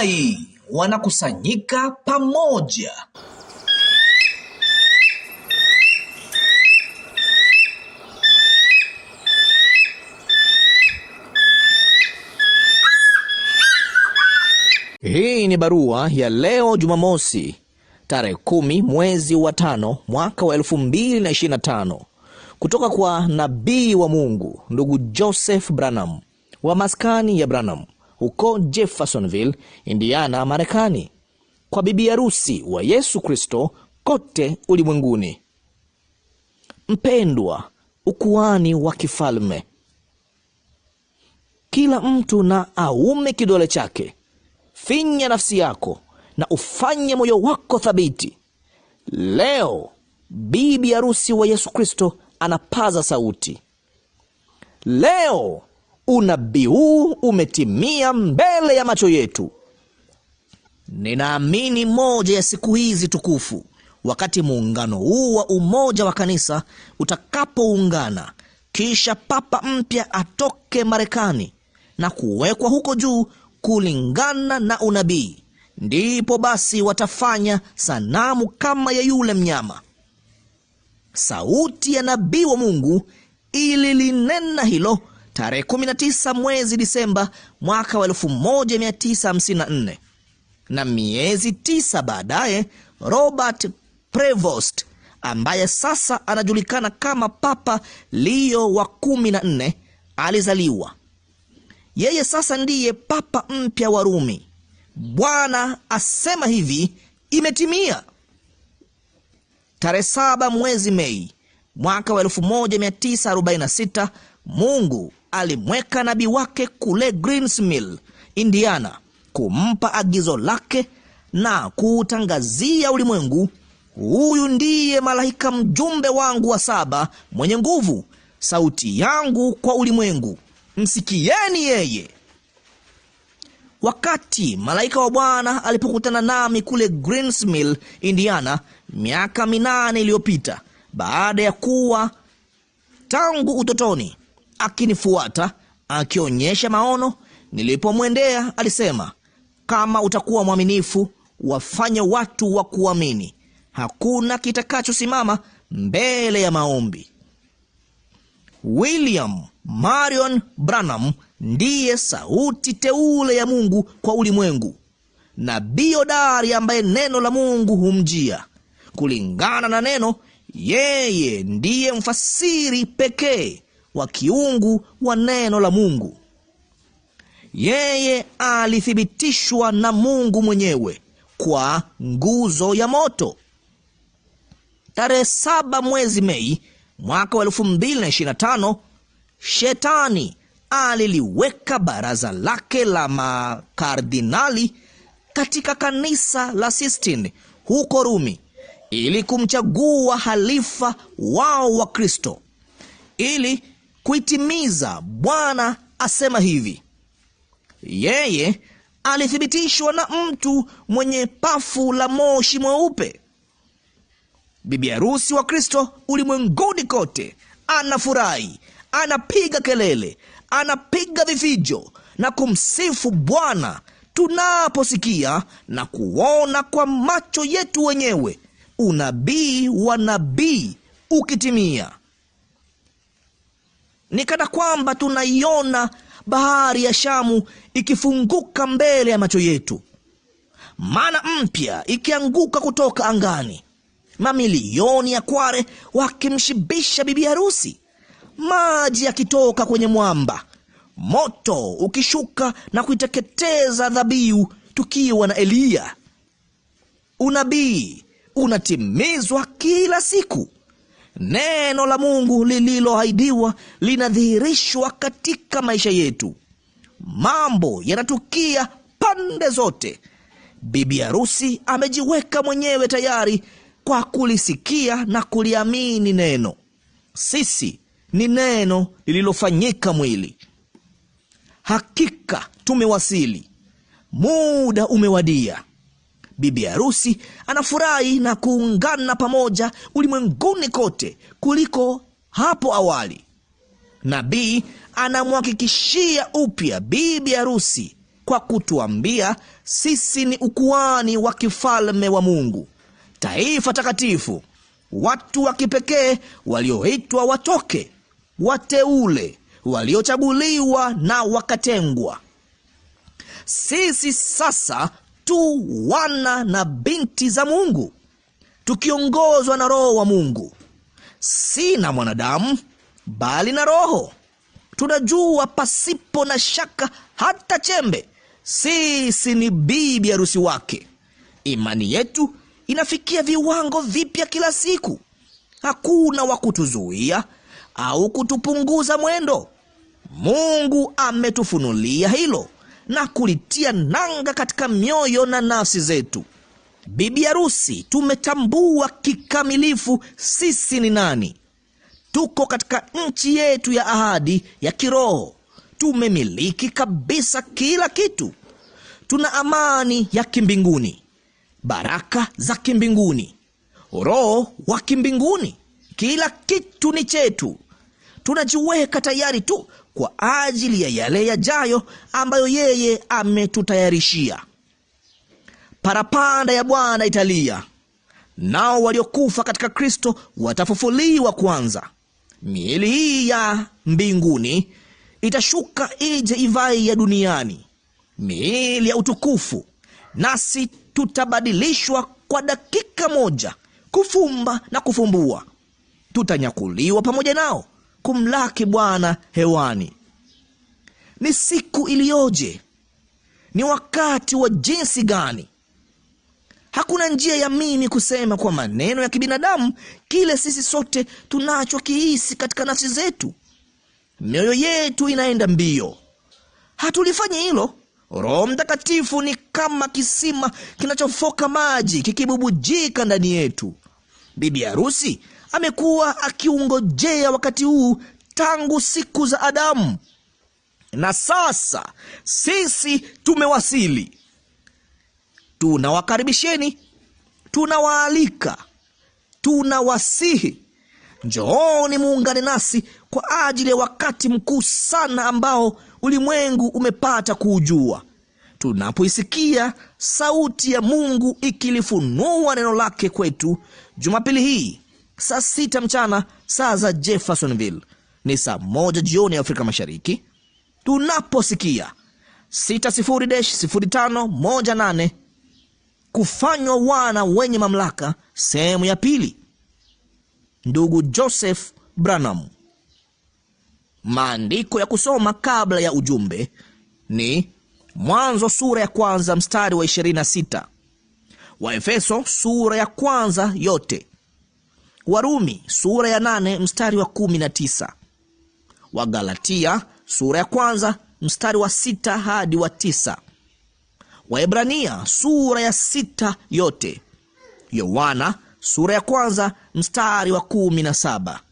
Tai wanakusanyika pamoja. Hii ni barua ya leo Jumamosi tarehe kumi mwezi wa tano mwaka wa elfu mbili na ishirini na tano kutoka kwa nabii wa Mungu ndugu Joseph Branham wa maskani ya Branham huko Jeffersonville, Indiana, Marekani, kwa bibi harusi wa Yesu Kristo kote ulimwenguni. Mpendwa, ukuani wa kifalme. Kila mtu na aume kidole chake. Finya nafsi yako na ufanye moyo wako thabiti. Leo bibi harusi wa Yesu Kristo anapaza sauti. Leo unabii huu umetimia mbele ya macho yetu. Ninaamini moja ya siku hizi tukufu, wakati muungano huu wa umoja wa kanisa utakapoungana, kisha papa mpya atoke Marekani na kuwekwa huko juu kulingana na unabii, ndipo basi watafanya sanamu kama ya yule mnyama. Sauti ya nabii wa Mungu ililinena hilo tarehe 19 mwezi Disemba mwaka wa 1954 na miezi tisa baadaye Robert Prevost ambaye sasa anajulikana kama Papa Leo wa 14 alizaliwa. Yeye sasa ndiye papa mpya wa Rumi. Bwana asema hivi, imetimia. Tarehe saba mwezi Mei mwaka wa 1946 Mungu alimweka nabii wake kule Greensmill, Indiana, kumpa agizo lake na kuutangazia ulimwengu, huyu ndiye malaika mjumbe wangu wa saba mwenye nguvu, sauti yangu kwa ulimwengu, msikieni yeye. Wakati malaika wa Bwana alipokutana nami kule Greensmill, Indiana, miaka minane iliyopita, baada ya kuwa tangu utotoni akinifuata akionyesha maono. Nilipomwendea alisema, kama utakuwa mwaminifu, wafanye watu wa kuamini. Hakuna kitakachosimama mbele ya maombi. William Marion Branham ndiye sauti teule ya Mungu kwa ulimwengu, nabii hodari ambaye neno la Mungu humjia kulingana na neno. Yeye ndiye mfasiri pekee wa kiungu wa neno la Mungu. Yeye alithibitishwa na Mungu mwenyewe kwa nguzo ya moto tarehe saba mwezi Mei mwaka wa elfu mbili na ishirini na tano. Shetani aliliweka baraza lake la makardinali katika kanisa la Sistine huko Rumi ili kumchagua halifa wao wa Kristo ili kuitimiza. Bwana asema hivi, yeye alithibitishwa na mtu mwenye pafu la moshi mweupe, bibi harusi wa Kristo ulimwenguni kote. Anafurahi, anapiga kelele, anapiga vifijo na kumsifu Bwana tunaposikia na kuona kwa macho yetu wenyewe unabii wa nabii ukitimia. Ni kana kwamba tunaiona bahari ya Shamu ikifunguka mbele ya macho yetu, mana mpya ikianguka kutoka angani, mamilioni ya kware wakimshibisha bibi harusi, maji yakitoka kwenye mwamba, moto ukishuka na kuiteketeza dhabihu, tukiwa na Eliya. Unabii unatimizwa kila siku. Neno la Mungu lililoahidiwa linadhihirishwa katika maisha yetu. Mambo yanatukia pande zote. Bibi harusi amejiweka mwenyewe tayari kwa kulisikia na kuliamini neno. Sisi ni neno lililofanyika mwili. Hakika tumewasili, muda umewadia. Bibi harusi anafurahi na kuungana pamoja ulimwenguni kote kuliko hapo awali. Nabii anamhakikishia upya bibi harusi kwa kutuambia sisi ni ukuani wa kifalme wa Mungu, taifa takatifu, watu wa kipekee walioitwa watoke, wateule waliochaguliwa na wakatengwa. Sisi sasa tu wana na binti za Mungu, tukiongozwa na Roho wa Mungu, si na mwanadamu, bali na Roho. Tunajua pasipo na shaka hata chembe, sisi ni bibi harusi wake. Imani yetu inafikia viwango vipya kila siku. Hakuna wa kutuzuia au kutupunguza mwendo. Mungu ametufunulia hilo na kulitia nanga katika mioyo na nafsi zetu. Bibi harusi, tumetambua kikamilifu sisi ni nani. Tuko katika nchi yetu ya ahadi ya kiroho. Tumemiliki kabisa kila kitu. Tuna amani ya kimbinguni, baraka za kimbinguni, roho wa kimbinguni. Kila kitu ni chetu. Tunajiweka tayari tu kwa ajili ya yale yajayo ambayo yeye ametutayarishia. Parapanda ya Bwana italia, nao waliokufa katika Kristo watafufuliwa kwanza. Miili hii ya mbinguni itashuka ije ivai ya duniani, miili ya utukufu, nasi tutabadilishwa kwa dakika moja, kufumba na kufumbua, tutanyakuliwa pamoja nao kumlaki Bwana hewani. Ni siku iliyoje! Ni wakati wa jinsi gani! Hakuna njia ya mimi kusema kwa maneno ya kibinadamu kile sisi sote tunachokihisi katika nafsi zetu. Mioyo yetu inaenda mbio, hatulifanyi hilo. Roho Mtakatifu ni kama kisima kinachofoka maji kikibubujika ndani yetu. Bibi harusi amekuwa akiungojea wakati huu tangu siku za Adamu, na sasa sisi tumewasili. Tunawakaribisheni, tunawaalika, tunawasihi, njooni muungane nasi kwa ajili ya wakati mkuu sana ambao ulimwengu umepata kuujua, tunapoisikia sauti ya Mungu ikilifunua neno lake kwetu Jumapili hii saa sita mchana saa za Jeffersonville, ni saa moja jioni ya Afrika Mashariki, tunaposikia 60 kufanywa wana wenye mamlaka, sehemu ya pili. Ndugu Joseph Branham. Maandiko ya kusoma kabla ya ujumbe ni Mwanzo sura ya kwanza mstari wa 26, Waefeso sura ya kwanza yote, Warumi sura ya nane mstari wa kumi na tisa, Wagalatia sura ya kwanza mstari wa sita hadi wa tisa, Waebrania sura ya sita yote, Yohana sura ya kwanza mstari wa kumi na saba.